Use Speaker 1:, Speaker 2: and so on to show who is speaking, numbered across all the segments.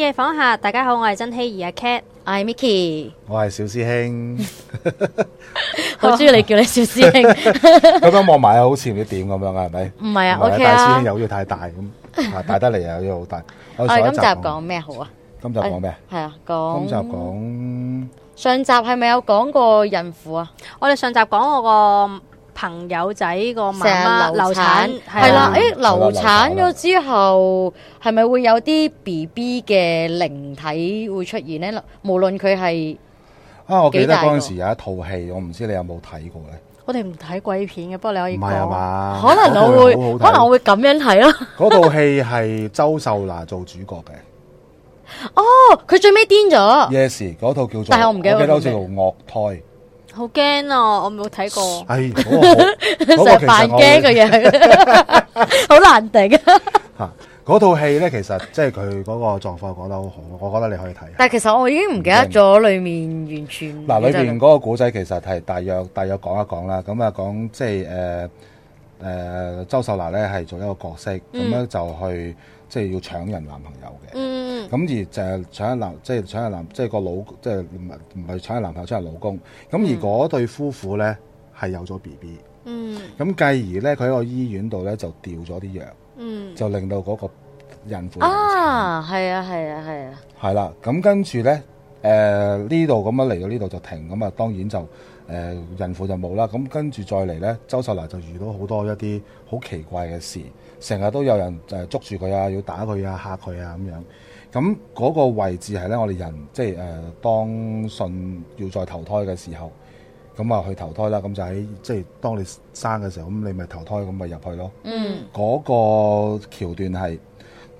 Speaker 1: 夜訪客，大家好，我係曾希怡啊，Cat，我係 Mickey，
Speaker 2: 我係小師兄，好中意你叫你小師兄，剛剛望埋啊，好似唔知點咁樣啊，係咪？唔係啊，OK，大師兄又要太大咁，大得嚟又要好大。我哋今集講咩好啊？今集講咩？
Speaker 1: 係啊，
Speaker 3: 講今集
Speaker 2: 講
Speaker 1: 上集係咪有講過孕婦啊？我哋上集講我個。朋友仔個媽媽流產係啦，
Speaker 3: 誒，流產咗了之後係咪了會有啲 B B 嘅靈體會出現咧？無論佢係啊，我記得嗰陣
Speaker 2: 時有一套戲，我唔知你有冇睇過咧？
Speaker 1: 我哋唔睇鬼片嘅，不過你可以唔係嘛？
Speaker 2: 可能我會，可能我會咁樣睇咯。啊，嗰套戲係周秀娜做主角嘅。
Speaker 1: 哦，佢最尾癲咗。
Speaker 2: Yes，嗰套叫做，但係我唔記得咗，叫做惡胎。
Speaker 1: 好驚啊，我冇睇過，唉
Speaker 2: 成日扮驚嘅嘢，
Speaker 1: 好難頂
Speaker 2: 啊！吓嗰套戲咧，其實即係佢嗰個狀況講得好好，我覺得你可以睇。
Speaker 3: 但係其實我已經唔記得咗裏面完全嗱，裏邊嗰
Speaker 2: 個古仔其實係大約大約講一講啦，咁啊講即係誒誒，周秀娜咧係做一個角色，咁、嗯、樣就去。即係要搶人男朋
Speaker 4: 友嘅，咁、
Speaker 2: 嗯、而就係搶人男，即係搶人男，即係個老，即係唔係唔係搶人男朋友，搶人老公。咁、嗯、而果對夫婦咧係有咗 B B，
Speaker 4: 嗯
Speaker 2: 咁繼而咧佢喺個醫院度咧就掉咗啲藥，嗯、就令到嗰個孕婦啊，
Speaker 3: 係啊係啊係
Speaker 2: 啊，係啦、啊。咁、啊啊、跟住咧，誒呢度咁樣嚟到呢度就停，咁啊當然就。誒孕婦就冇啦，咁跟住再嚟呢，周秀娜就遇到好多一啲好奇怪嘅事，成日都有人捉住佢啊，要打佢啊，嚇佢啊咁樣。咁嗰個位置係呢，我哋人即係誒當信要再投胎嘅時候，咁啊去投胎啦。咁就喺即係當你生嘅時候，咁你咪投胎，咁咪入去咯。嗰、嗯、個橋段係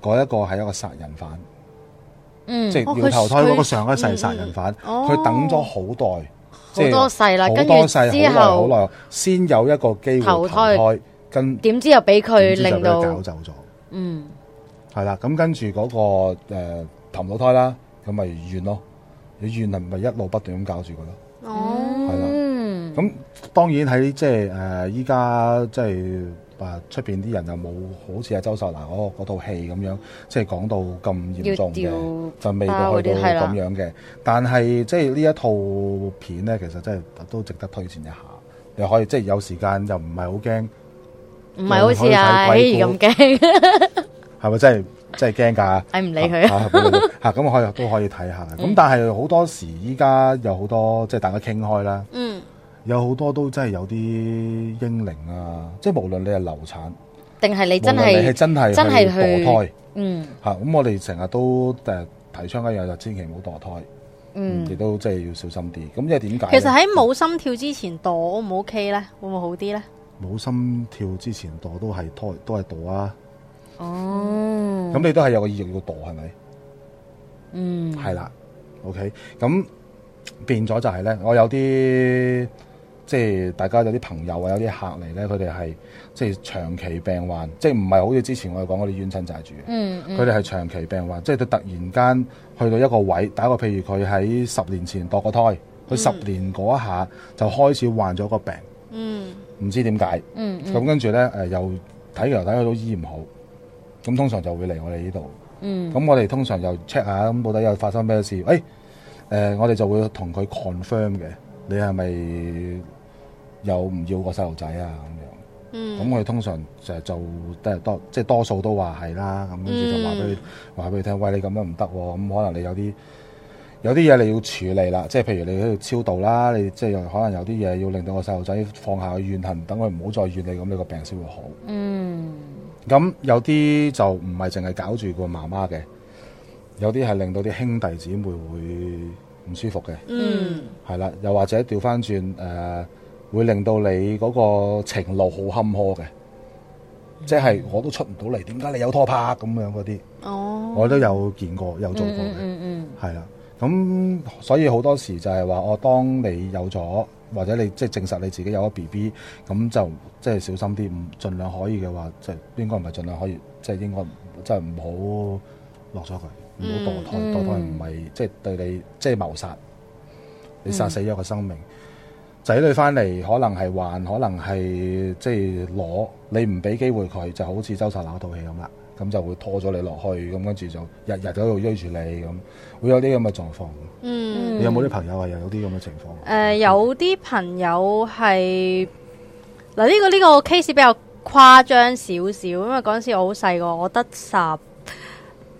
Speaker 2: 嗰一個係一個殺人犯，嗯、
Speaker 4: 即係要
Speaker 2: 投胎嗰、哦、個上一世殺人犯，佢、嗯哦、等咗好耐。好多世啦，跟住之後好耐先有一個機會投胎，跟
Speaker 3: 點知又俾佢令到搞
Speaker 2: 走咗。嗯，係啦，咁跟住嗰、那個誒、呃、投唔到胎啦，咁咪怨咯，你怨係咪一路不斷咁搞住佢咯？
Speaker 4: 哦，
Speaker 2: 係啦，嗯，咁當然喺、呃、即係誒，依家即係。啊！出邊啲人又冇好似阿周秀娜嗰套戲咁樣，即係講到咁嚴重嘅，
Speaker 4: 就未到去到咁
Speaker 2: 樣嘅。但係即係呢一套片咧，其實真係都值得推薦一下。你可以即係有時間又唔係好驚，唔係好似睇鬼咁驚，係咪真係真係驚㗎？誒唔理佢啊，吓咁可以都可以睇下。咁但係好多時依家有好多即係大家傾開啦。嗯。有好多都真係有啲嬰靈啊，即係無論你係流產，
Speaker 3: 定係你真係，
Speaker 2: 係真係真係墮胎，嗯，吓咁我哋成日都誒提倡一樣就，千祈唔好墮胎，嗯，亦、嗯、都即係要小心啲。咁即係點解？其實喺
Speaker 1: 冇心跳之前墮，O 唔 O K 咧？會唔會好啲咧？
Speaker 2: 冇心跳之前墮都係墮，都係墮啊！
Speaker 1: 哦，咁
Speaker 2: 你都係有個意欲要墮係咪？是是嗯，係啦，OK，咁變咗就係咧，我有啲。即係大家有啲朋友或者有啲客嚟咧，佢哋係即係長期病患，即係唔係好似之前我哋講嗰啲冤親債主。嗯。嗯，佢哋係長期病患，即係佢突然間去到一個位。打個譬如，佢喺十年前墮個胎，佢十年嗰下就開始患咗個病。嗯，唔知點解。咁、嗯嗯嗯、跟住咧誒，又睇嚟睇去都醫唔好，咁通常就會嚟我哋呢度。咁、嗯、我哋通常又 check 下，咁到底又發生咩事？誒、哎，誒、呃，我哋就會同佢 confirm 嘅，你係咪？有唔要個細路仔啊咁樣，咁我哋通常就做多，即係多數都話係啦，咁跟住就話俾佢話俾佢聽，喂你咁樣唔得、啊，咁、嗯、可能你有啲有啲嘢，你要處理啦，即係譬如你喺度超度啦，你即係可能有啲嘢要令到個細路仔放下怨恨，等佢唔好再怨你，咁你個病先會好。咁、嗯、有啲就唔係淨係搞住個媽媽嘅，有啲係令到啲兄弟姊妹會唔舒服嘅。嗯，係啦，又或者調翻轉誒。呃會令到你嗰個情路好坎坷嘅，即係我都出唔到嚟。點解你有拖拍咁樣嗰啲？哦，oh. 我都有見過，有做過嘅。嗯嗯，mm，係啦。Mm hmm。咁所以好多時就係話，我當你有咗，或者你即係證實你自己有咗 BB，咁就即係小心啲，盡量可以嘅話，即係應該唔係盡量可以，即係應該即係唔好落咗佢，唔好墮胎。Mm hmm. 墮胎唔係即係對你即係謀殺，
Speaker 1: 你殺死
Speaker 2: 咗個生命。Mm hmm. 仔女翻嚟可能係還，可能係即係攞你唔俾機會佢，就好似周秀娜那套戲咁啦，咁就會拖咗你落去咁，跟住就日日喺度追住你，咁會有啲咁嘅狀況。嗯，你有冇啲朋友係又有啲咁嘅情況？
Speaker 1: 誒、呃，有啲朋友係嗱呢個呢、這個 case 比較誇張少少，因為嗰陣時我好細個，我得十。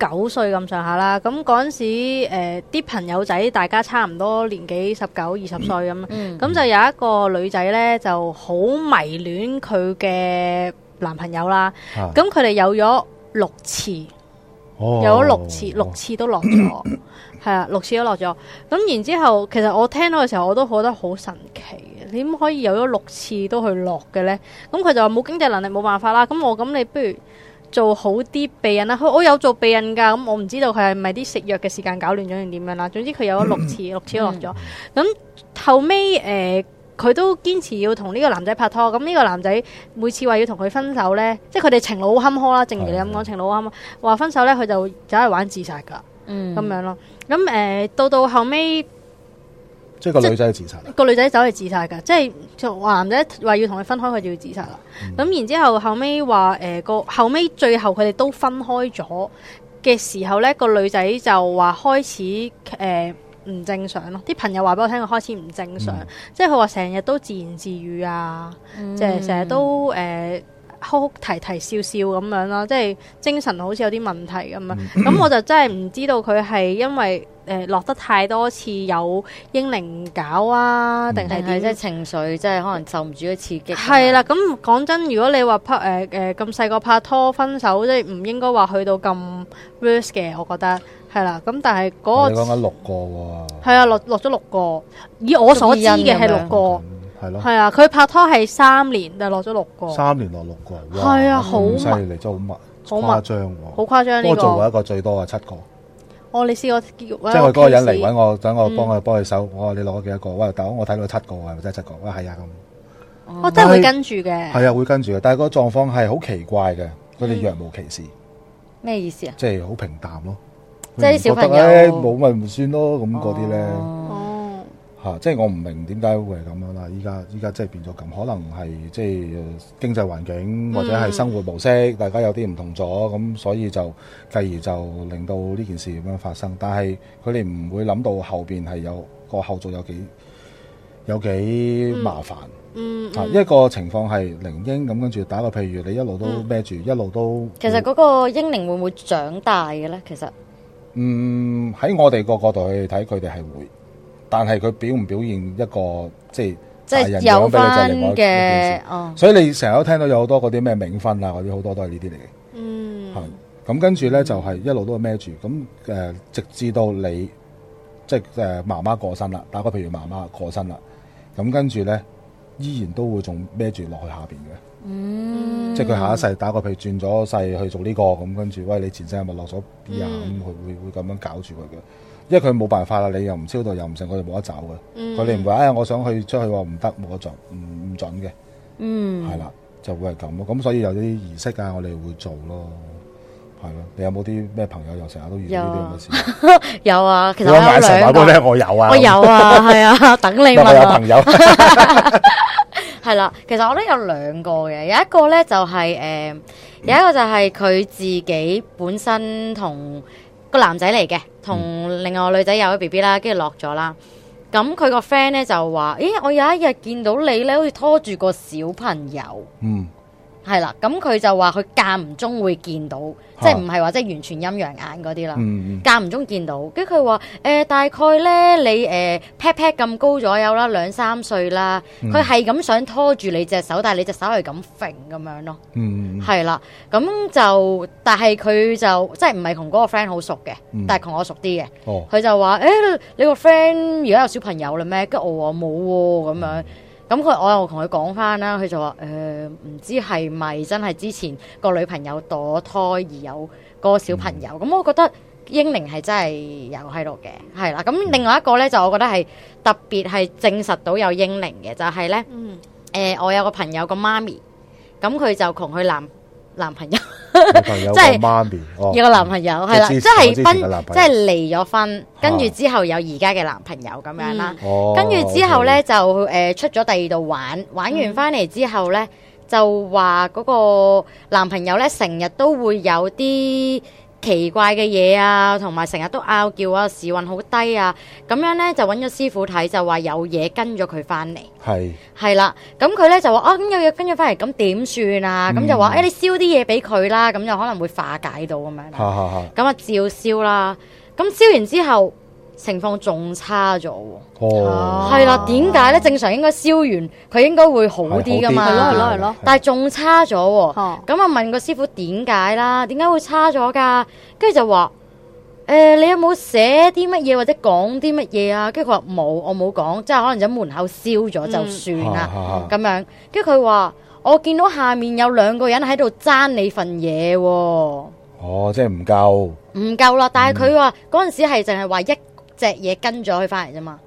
Speaker 1: 九歲咁上下啦，咁嗰陣時誒啲、呃、朋友仔，大家差唔多年紀十九二十歲咁，咁、嗯、就有一個女仔呢，就好迷戀佢嘅男朋友啦。咁佢哋有咗六次，
Speaker 4: 哦、有咗六次，
Speaker 1: 六次都落咗，係啊，六次都落咗。咁然之後，其實我聽到嘅時候，我都覺得好神奇嘅，點可以有咗六次都去落嘅呢？咁佢就話冇經濟能力，冇辦法啦。咁我咁你不如？做好啲避孕啦！我有做避孕噶，咁我唔知道佢係咪啲食藥嘅時間搞亂咗定點樣啦。總之佢有咗六次，嗯、六次落咗。咁、嗯、後尾，佢、呃、都堅持要同呢個男仔拍拖。咁呢個男仔每次話要同佢分手呢，即係佢哋情路坎坷啦。正如你咁講，嗯、情路坎坷，話分手呢，佢就走去玩自殺噶，咁、嗯、樣咯。咁到、呃、到後尾。
Speaker 2: 即係即個女仔自殺，
Speaker 1: 個女仔走嚟自殺㗎。即係話男仔話要同佢分開，佢就要自殺啦。咁、嗯、然之後後尾話誒，個後尾最後佢哋都分開咗嘅時候咧，個女仔就話開始誒唔正常咯。啲朋友話俾我聽，佢開始唔正常，他正常，嗯、即係佢話成日都自言自語啊，即係成日都誒哭哭啼啼笑笑咁樣啦，即係精神好似有啲問題咁樣。咁、嗯、我就真係唔知道佢係因為。誒落得太多次有英靈搞啊，定係點？即係情緒，即係可能受唔住嘅刺激。係啦，咁講真，如果你話拍誒誒咁細個拍拖分手，即係唔應該話去到咁 risk 嘅，我覺得係啦。咁但係嗰、嗰個、啊、你講緊六個喎。係啊，落落咗六個，以我所知嘅係六個，係咯，係啊。佢拍拖係三年就落咗六個，三
Speaker 2: 年落六個，係啊，好犀利，真係好密，好誇張喎、這個，好誇張呢個。我做過一個最多嘅七個。
Speaker 1: 哦、你試我你試我，即係佢嗰個人嚟搵我幫
Speaker 2: 佢，等、嗯、我幫佢幫佢手，我話你攞幾多個？哇、哎！我睇到七個，係咪真七個？喂、哎，係啊，咁我、嗯
Speaker 1: 但哦、真係會跟住
Speaker 2: 嘅。係啊，會跟住嘅。但係個狀況係好奇怪嘅，佢哋若無其事。
Speaker 3: 咩、嗯、意思啊？即
Speaker 2: 係好平淡咯。即係啲小朋友冇咪唔算咯，咁嗰啲咧。哦吓、啊，即係我唔明點解會係咁樣啦！依家依家即係變咗咁，可能係即係經濟環境或者係生活模式，大家有啲唔同咗，咁所以就繼而就令到呢件事咁樣發生。但係佢哋唔會諗到後邊係有個後續有幾有幾麻煩、
Speaker 4: 嗯。
Speaker 3: 嗯，吓、嗯啊、一
Speaker 2: 個情況係嬰靈咁，跟住打到，譬如你一路都孭住，嗯、一路都。
Speaker 3: 其實嗰個嬰靈會唔會長大嘅咧？其實，嗯，
Speaker 2: 喺我哋個角度去睇，佢哋係會。但係佢表唔表現一個即係即係有分嘅，哦、所以你成日都聽到有好多嗰啲咩冥婚啊，嗰啲好多都係呢啲嚟嘅。嗯，咁跟住咧就係、是、一路都孭住，咁誒、呃、直至到你即係誒媽媽過身啦，打個譬如媽媽過身啦，咁、嗯嗯、跟住咧依然都會仲孭住落去下邊嘅。嗯，
Speaker 4: 即係佢下一
Speaker 2: 世打個譬如，轉咗世去做呢、這個，咁、嗯、跟住喂你前世係咪落咗 B 啊？咁佢會會咁樣搞住佢嘅。因為佢冇辦法啦，你又唔超度又唔成，佢哋冇得走嘅。佢哋唔會哎呀，我想去出去，話唔得，冇得做，唔唔准嘅。嗯，係啦，就會係咁咯。咁所以有啲儀式啊，我哋會做咯，係咯。你有冇啲咩朋友又成日都遇呢
Speaker 3: 啲咁嘅事？有啊，其實有兩，我咧我有啊，我有啊，係啊，等你問啊。朋友係啦，其實我都有兩個嘅，有一個咧就係誒，有一個就係佢自己本身同。個男仔嚟嘅，同另外個女仔有咗 BB 啦，跟住落咗啦。咁佢個 friend 咧就話，咦，我有一日見到你咧，好似拖住個小朋友。嗯係啦，咁佢就話佢間唔中會見到，即係唔係話即係完全陰陽眼嗰啲啦，間唔中見到，跟住佢話誒，大概咧你誒 pat pat 咁高左右啦，兩三歲啦，佢係咁想拖住你隻手，但係你隻手係咁揈咁樣咯，係啦，咁就但係佢就即係唔係同嗰個 friend 好熟嘅，但係同我熟啲嘅，佢就話誒，你個 friend 而家有小朋友啦咩？跟住我話冇喎咁樣。咁佢我又同佢講翻啦，佢就話呃、唔知係咪真係之前個女朋友墮胎而有個小朋友？咁、嗯、我覺得嬰靈係真係有喺度嘅，係啦。咁另外一個呢，就我覺得係特別係證實到有嬰靈嘅，就係、嗯、呢。誒、嗯呃、我有個朋友個媽咪，咁佢就同佢男男朋友。
Speaker 2: 即係媽咪，有個男朋友係啦，即係分，即係
Speaker 3: 離咗婚，跟住之後有而家嘅男朋友咁樣啦。
Speaker 2: 跟住之後呢，
Speaker 3: 就誒出咗第二度玩，玩完翻嚟之後呢，就話嗰個男朋友呢，成日都會有啲。奇怪嘅嘢啊，同埋成日都嗌交啊，時運好低啊，咁樣呢，就揾咗師傅睇，就話有嘢跟咗佢翻嚟，係係是 啦，咁佢呢就話啊，咁有嘢跟咗翻嚟，咁點算啊？咁、嗯、就話誒、啊，你燒啲嘢俾佢啦，咁就可能會化解到咁樣，咁啊照燒啦，咁燒完之後。情況仲差咗喎。
Speaker 4: 哦哦，係啦、啊。
Speaker 3: 點解咧？正常應該燒完，佢應該會好啲噶嘛。係咯，係咯，係咯。但係仲差咗喎，哦。咁啊的，那問個師傅點解啦？點解會差咗噶？跟住就話誒、欸，你有冇寫啲乜嘢或者講啲乜嘢啊？跟住佢話冇，我冇講，即係可能喺門口燒咗就算啦。咁、嗯啊啊、樣，跟住佢話，我見到下面有兩個人喺度爭你份嘢
Speaker 2: 喎。哦，即係唔夠，
Speaker 3: 唔夠啦。但係佢話嗰陣時係淨係話一。隻嘢跟咗佢翻嚟啫嘛，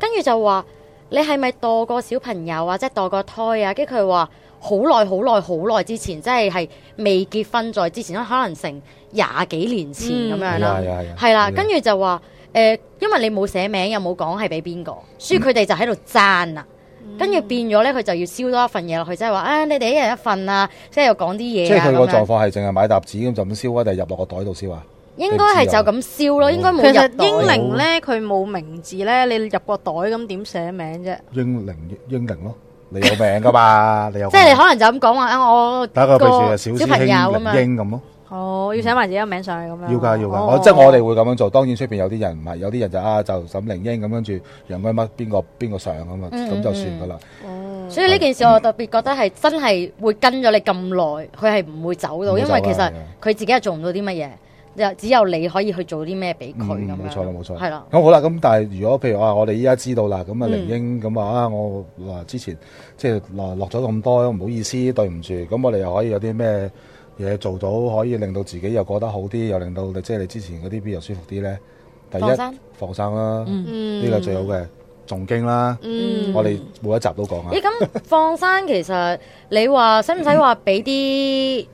Speaker 3: 跟住就話你係咪墮過小朋友啊，即係墮過胎啊？跟住佢話好耐好耐好耐之前，即係係未結婚在之前，可能成廿幾年前咁、嗯、樣啦，
Speaker 4: 係啦、啊。跟住、啊
Speaker 3: 啊啊、就話誒、呃，因為你冇寫名又冇講係俾邊個，所以佢哋就喺度爭啊。跟住變咗咧，佢就要燒多一份嘢落去，即係話啊，你哋一人一份啊，即係又講啲嘢。即係佢個狀
Speaker 2: 況係淨係買沓紙咁就咁燒啊，定係入落個袋度燒啊？應該係就咁
Speaker 1: 燒咯。應該冇。其實嬰靈咧，佢冇名字咧，你入個袋咁點寫名啫？
Speaker 2: 嬰靈，嬰靈咯，你有名噶嘛？你有即係你
Speaker 1: 可能就咁講話啊！我一個小朋友咁咯。哦，要寫埋自己嘅名上去咁樣。要噶，要噶。即係我哋
Speaker 2: 會咁樣做。當然，出邊有啲人唔係，有啲人就啊，就沈玲英咁跟住楊乜乜邊個邊個上咁啊，咁就算噶啦。哦，
Speaker 3: 所以呢件事我特別覺得係真係會跟咗你咁耐，佢係唔會走到，因為其實佢自己係做唔到啲乜嘢。只有你可以去做啲咩俾佢
Speaker 2: 咁樣，冇錯咁好啦。咁啦但係如果譬如話、嗯，我哋依家知道啦，咁啊靈英咁話啊，我嗱之前即係嗱落咗咁多，唔好意思，對唔住。咁我哋又可以有啲咩嘢做到，可以令到自己又過得好啲，又令到即係、就是、你之前嗰啲邊又舒服啲咧？第一放生山啦，呢、嗯、個最好嘅，重經啦，嗯、我哋每一集都講啊、嗯。咁
Speaker 3: 放生其實你話使唔使話俾啲？需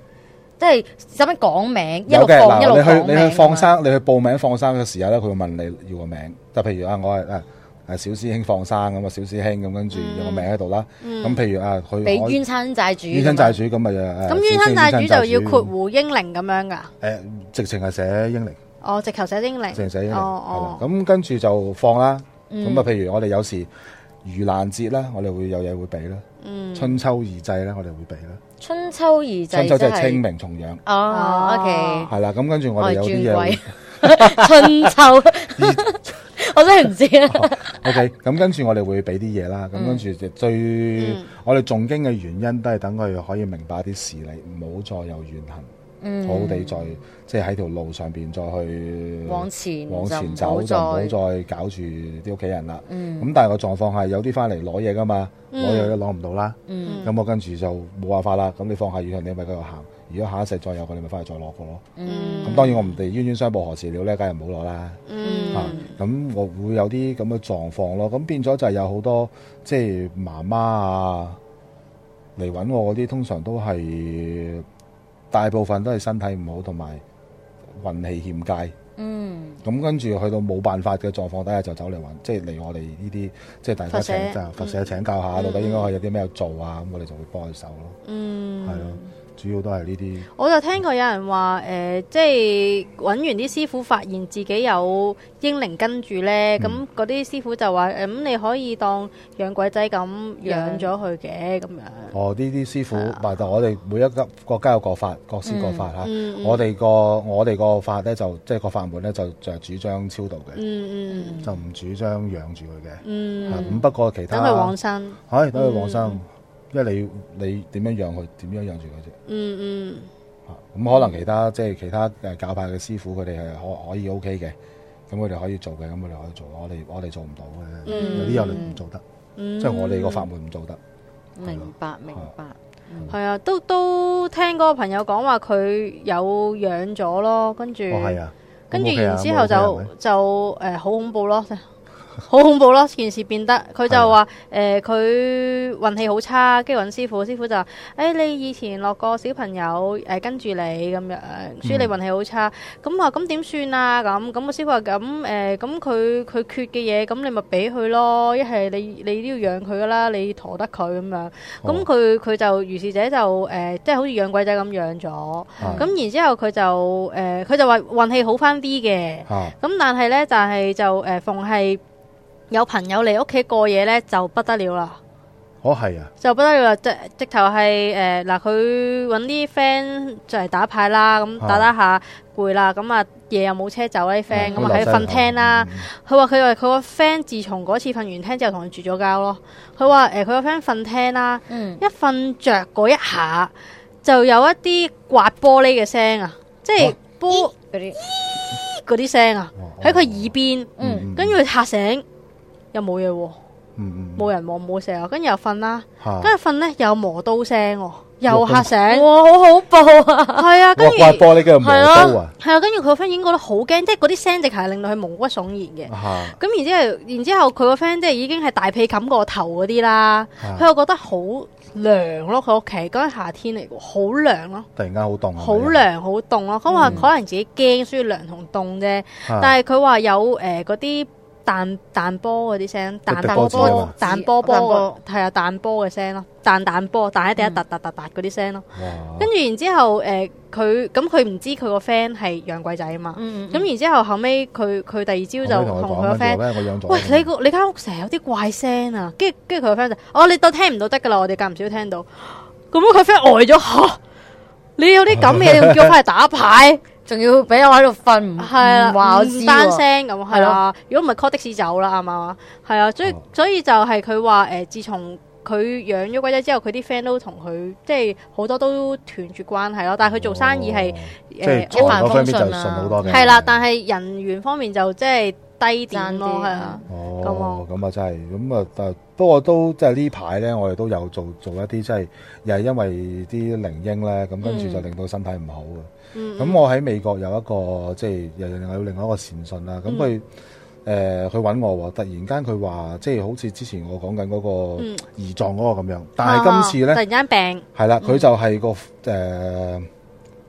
Speaker 3: 即係使乜講名？有嘅，一路去你去放
Speaker 2: 生，你去報名放生嘅時候咧，佢會問你要個名。就譬如啊，我係誒誒小師兄放生咁啊，小師兄咁跟住有個名喺度啦。咁譬如啊，佢俾冤
Speaker 1: 親債主，冤親
Speaker 2: 債主咁咪誒。咁冤親債主就要括
Speaker 1: 弧嬰靈咁樣噶。
Speaker 2: 誒，直情係寫嬰靈。
Speaker 1: 哦，直頭寫嬰靈。直情寫嬰靈。哦哦。
Speaker 2: 咁跟住就放啦。咁啊，譬如我哋有時盂蘭節咧，我哋會有嘢會俾啦。春秋二祭咧，我哋會俾啦。
Speaker 3: 春秋而，就係，春秋就係清明、重陽。哦，OK。係啦，咁跟住我哋有啲嘢。 春秋，
Speaker 4: 我真係唔知啊。Oh,
Speaker 2: OK，咁跟住我哋會俾啲嘢啦。咁、嗯、跟住最，嗯、我哋誦經嘅原因都係等佢可以明白啲事理，唔好再有怨恨。嗯、好地再即係喺條路上邊再去往前往前走，就唔好再搞住啲屋企人啦。咁、嗯、但係個狀況係有啲翻嚟攞嘢噶嘛，攞嘢、嗯、都攞唔到啦。咁、嗯、我跟住就冇辦法啦。咁你放下以後，你咪繼續行。如果下一世再有佢你咪翻嚟再攞過咯。咁、嗯、當然我唔地冤冤相報何時了呢，梗係唔好攞啦。吓咁、嗯、我會有啲咁嘅狀況咯。咁變咗就係有好多即係媽媽啊嚟揾我嗰啲，通常都係。大部分都係身體唔好同埋運氣欠佳，
Speaker 4: 嗯，
Speaker 2: 咁跟住去到冇辦法嘅狀況底下就走嚟揾，即係嚟我哋呢啲，即係大家請教，社佛社請教下到底、嗯、應該可以有啲咩做啊，咁、嗯、我哋就會幫佢手咯，嗯，係咯。主要都係呢啲。
Speaker 1: 我就聽過有人話，誒，即係揾完啲師傅，發現自己有嬰靈跟住咧，咁嗰啲師傅就話，誒，咁你可以當養鬼仔咁養咗佢嘅咁樣。
Speaker 2: 哦，呢啲師傅，唔係，我哋每一個國家有國法，各施各法嚇。我哋個我哋個法咧，就即係個法門咧，就就係主張超度嘅，就唔主張養住佢嘅。咁不過其他，等佢往生。係，等佢往生。即係你，你點樣養佢？點樣養住佢啫？嗯嗯。咁、啊、可能其他即係其他誒教派嘅師傅，佢哋係可可以 OK 嘅，咁佢哋可以做嘅，咁佢哋可以做嘅，我哋我哋做唔到嘅，嗯、有啲有嚟唔做得，嗯、即係我哋個法門唔做得。
Speaker 1: 明白、嗯、吧明白，係啊、嗯、啊，都都聽嗰個朋友講話，佢有養咗咯，跟住，哦啊啊、跟住然之後就就誒好、呃、恐怖咯。好恐怖咯！件事變得佢就話誒，佢運氣好差，跟住揾師傅，師傅就誒，你以前落個小朋友誒跟住你咁樣，所以你運氣好差。咁話咁點算啊？咁咁個師傅話咁誒，咁佢佢缺嘅嘢，咁你咪俾佢咯。一係你你都要養佢噶啦，你陀得佢咁樣。咁佢佢就如是者就誒，即係好似養鬼仔咁養咗。咁然之後佢就誒，佢就話運氣好翻啲嘅。咁但係咧但係就誒，逢係，有朋友嚟屋企過夜咧，就不得了啦！
Speaker 2: 哦，係啊，
Speaker 1: 就不得了，直頭係誒嗱，佢搵啲 friend 就嚟打牌啦，咁打打下攰啦，咁啊夜又冇車走，啦啲 friend 咁啊喺度瞓廳啦。佢話佢話佢個 friend 自從嗰次瞓完廳之後，同佢住咗交咯。佢話誒，佢個 friend 瞓廳啦，一瞓着嗰一下，就有一啲刮玻璃嘅聲啊，即係玻嗰啲嗰啲聲啊，喺佢耳邊，嗯，跟住吓醒。又冇嘢喎，冇人望，冇蛇，跟住又瞓啦，跟住瞓咧又磨刀聲，又吓醒，哇，好恐怖啊！係啊，跟住怪呢個磨刀啊！係啊，跟住佢個 friend 已經覺得好驚，即係嗰啲聲直係令到佢毛骨悚然嘅。咁然之後，然之後佢個 friend 即係已經係大被冚過頭嗰啲啦，佢又覺得好涼咯。佢屋企嗰日夏天嚟嘅，好涼咯。
Speaker 2: 突然間好凍，好
Speaker 1: 涼，好凍咯。咁話可能自己驚，所以涼同凍啫。但係佢話有誒嗰啲。彈彈波嗰啲聲，彈彈波彈波波個係啊，彈波嘅聲咯，彈彈波，彈一第一，突突突突嗰啲聲咯。跟住然之後，誒，佢咁佢唔知佢個 friend 係養鬼仔啊嘛。咁然之後哎哎然後尾，佢佢第二朝就同佢個 friend。喂，你個你間屋成日有啲怪聲啊！跟住跟住佢個 friend 就，哦，你都聽唔到得噶啦，我哋隔唔少聽到。咁樣佢 friend 呆咗你有啲咁嘅你用腳係打牌。仲要俾我喺度瞓唔唔唔單聲咁係咯，嗯、係啊如果唔係 call 的士走啦，係嘛，係啊，所以、嗯、所以就係佢話誒，自從佢養咗鬼仔之後，佢啲 friend 都同佢即係好多都斷絕關係咯。但係佢做生意係誒一帆風順啊，係啦，但係人員方面就即係。低啲
Speaker 2: 咯，係啊，哦，咁啊、那個、真係，咁啊，但不過都即係呢排咧，我哋都有做做一啲即係，又、就、係、是、因為啲靈嬰咧，咁跟住就令到身體唔好啊。咁、嗯、我喺美國有一個即係、就是、又有另另外一個善信啦，咁佢誒去揾我，突然間佢話即係好似之前我講緊嗰個胰臟嗰個咁樣，嗯、但係今次咧突然間
Speaker 1: 病係啦，佢就
Speaker 2: 係個誒、呃、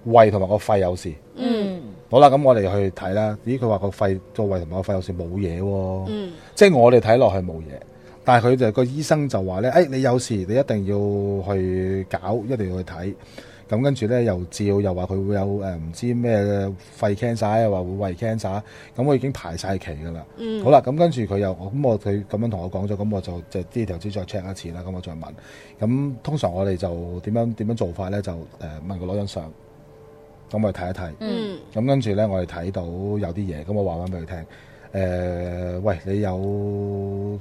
Speaker 2: 胃同埋個肺有事。
Speaker 1: 嗯。
Speaker 2: 好啦，咁我哋去睇啦。咦，佢話個肺左、胃同埋個肺有時冇嘢喎，嗯、即係我哋睇落去冇嘢，但係佢就個醫生就話咧，誒、哎，你有時你一定要去搞，一定要去睇。咁、嗯、跟住咧又照，又話佢會有唔、呃、知咩肺 cancer，又話會胃 cancer。咁、嗯、我已經排晒期㗎啦。好、嗯、啦，咁跟住佢又咁我佢咁樣同我講咗，咁我就就啲投資再 check 一次啦。咁、嗯、我再問。咁、嗯、通常我哋就點樣點樣做法咧？就誒、呃、問佢攞張相。咁我睇一睇，咁、嗯嗯、跟住呢，我哋睇到有啲嘢，咁我話翻俾佢聽，誒、呃，喂，你有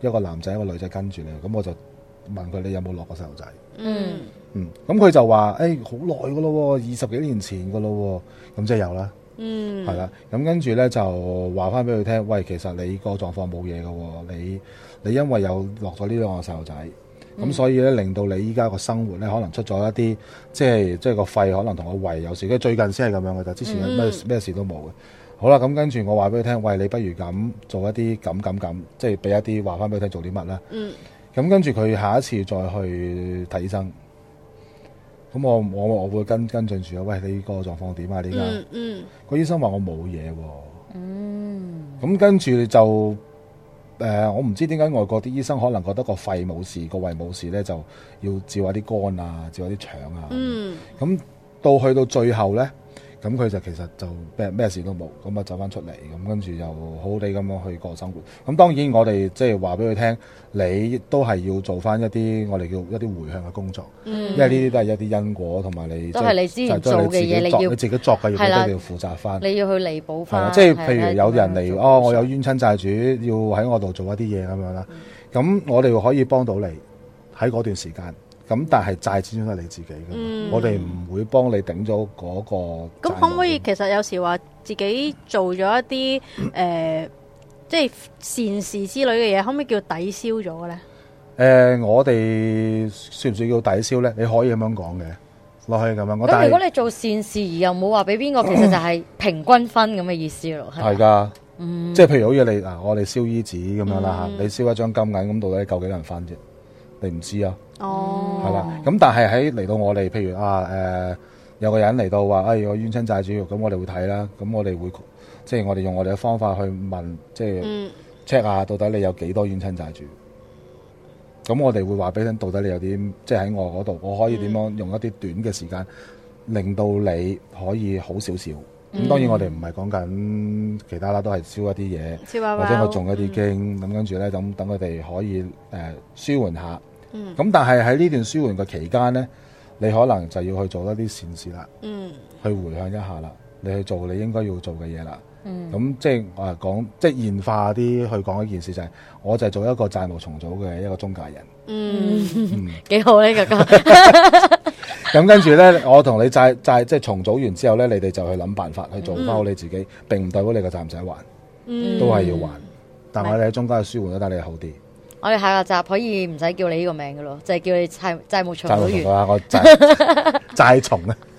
Speaker 2: 一個男仔一個女仔跟住你。」咁我就問佢，你有冇落過細路仔？嗯，嗯，咁佢就話，誒、欸，好耐嘅咯，二十幾年前嘅咯、哦，咁即係有啦，嗯，係啦，咁跟住呢，就話翻俾佢聽，喂，其實你個狀況冇嘢嘅，你你因為有落咗呢兩個細路仔。咁所以咧，令到你依家個生活咧，可能出咗一啲，即係即係個肺可能同個胃有事。佢最近先係咁樣嘅，就之前咩咩事都冇嘅。好啦，咁跟住我話俾佢聽，喂，你不如咁做一啲咁咁咁，即係俾一啲話翻俾佢聽，做啲乜啦？嗯。咁跟住佢下一次再去睇醫生，咁我我我會跟跟進住啊。喂，你個狀況點啊？依家嗯，個醫生話我冇嘢喎。嗯。咁跟住就。誒、呃，我唔知點解外國啲醫生可能覺得個肺冇事，個胃冇事咧，就要照下啲肝啊，照下啲腸啊。咁、嗯、到去到最後咧。咁佢就其實就咩咩事都冇，咁啊走翻出嚟，咁跟住又好好地咁樣去過生活。咁當然我哋即係話俾佢聽，你都係要做翻一啲我哋叫一啲迴向嘅工作，嗯、因為呢啲都係一啲因果同埋你都係你，你自己做嘅嘢，你要你自己作嘅嘢，都啦，要負責翻，
Speaker 3: 的你要去彌補翻。即係譬如有人
Speaker 2: 嚟，的哦，的我有冤親債主要喺我度做一啲嘢咁樣啦，咁我哋可以幫到你喺嗰段時間。咁但係債錢都係你自己嘅，嗯、我哋唔會幫你頂咗嗰個。咁可唔
Speaker 1: 可以其實有時話自己做咗一啲誒，即係、嗯呃就是、善事之類嘅嘢，可唔可以叫抵消咗咧？
Speaker 2: 誒、呃，我哋算唔算叫抵消咧？你可以咁樣講嘅，落去咁樣。但如果你
Speaker 1: 做善事而
Speaker 3: 又冇話俾邊個，嗯、其實就係平均分咁嘅意思咯。係噶，
Speaker 2: 即係譬如好似你嗱，我哋燒衣紙咁樣啦嚇，嗯、你燒一張金銀，咁到底夠幾多人翻啫？你唔知道啊。哦，係啦，咁但係喺嚟到我哋，譬如啊，誒有個人嚟到話，誒我冤親債主，咁我哋會睇啦，咁我哋會即係我哋用我哋嘅方法去問，即係 check 下到底你有幾多冤親債主，咁我哋會話俾你聽，到底你有啲即係喺我嗰度，我可以點樣用一啲短嘅時間，令到你可以好少少。咁當然我哋唔係講緊其他啦，都係燒一啲嘢，或者我仲有啲經，咁跟住咧，咁等佢哋可以誒舒緩下。咁、嗯、但係喺呢段舒緩嘅期間呢，你可能就要去做一啲善事啦，嗯，去回向一下啦，你去做你應該要做嘅嘢啦，咁即係我講即係現化啲去講一件事就係、是，我就係做一個債務重組嘅一個中介人，嗯，嗯幾好呢個咁，跟住 呢，我同你債債即係重組完之後呢，你哋就去諗辦法去做翻好你自己，嗯、並唔代表你個債唔使還，
Speaker 3: 都係要還，
Speaker 2: 嗯、但係你喺中間嘅舒緩都得你好啲。
Speaker 3: 我哋下個集可以唔使叫你呢個名㗎咯，就係、是、叫
Speaker 1: 你債債務從業
Speaker 2: 員，債蟲啊！我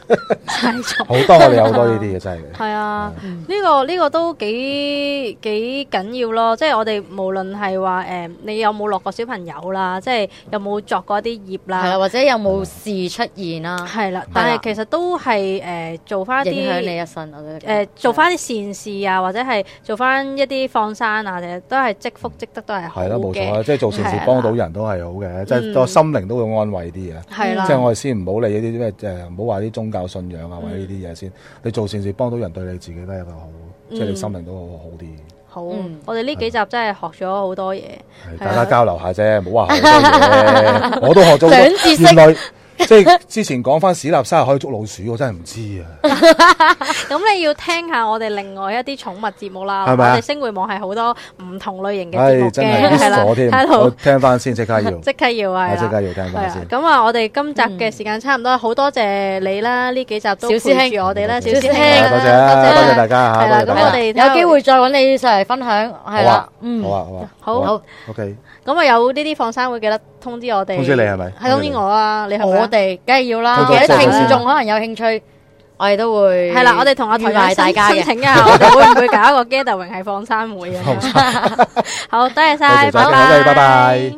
Speaker 1: 係錯，好多有好多呢啲嘢，真係，係啊，呢個呢個都幾幾緊要咯，即係我哋無論係話誒你有冇落過小朋友啦，即係有冇作過啲業啦，係啦，或者有冇事
Speaker 3: 出現啦，係
Speaker 1: 啦，但係其實都係誒做翻影響你一生，我覺得誒做翻啲善事啊，或者係做翻一啲放生啊，其實都係積福積得都係，係啦，冇錯啊，即係做善事幫到
Speaker 2: 人都係好嘅，即係個心靈都會安慰啲嘅，係啦，即係我哋先唔好理呢啲咩即係唔好話啲宗教。有信仰啊，或者呢啲嘢先，的你做善事幫到人，對你自己都係一個好，嗯、即係你心靈都好好啲。好，
Speaker 1: 好嗯、的我哋呢幾集真係學咗好多嘢的的，大家交
Speaker 2: 流下啫，唔好話好多嘢，我都學咗。原來字即係之前講翻屎粒沙史立山係可以捉老鼠，我真係唔知啊！
Speaker 1: 咁你要聽下我哋另外一啲寵物節目啦，係咪啊？我哋星匯網係好多唔同類型嘅節目嘅，係啦。我
Speaker 2: 聽翻先，即刻要，即刻
Speaker 1: 要係啦，即刻要聽翻先。咁啊，我哋今集嘅時間差唔多，好多謝你啦！呢幾集都陪住我哋啦，小師兄啦，多謝多謝多謝大家吓。咁我哋有機會再搵你上嚟分享，係啦，嗯，好啊，
Speaker 4: 好，好，OK。
Speaker 1: 咁啊，有呢啲放生，會記得。通知我哋，通知你係咪？係通知我啊！你我哋梗係要啦，或者聽眾可能有興趣，我哋都會係啦。我哋同阿台大申請啊，會唔會搞一個 gathering 係放生會啊？好，多謝晒，再見，拜
Speaker 2: 拜。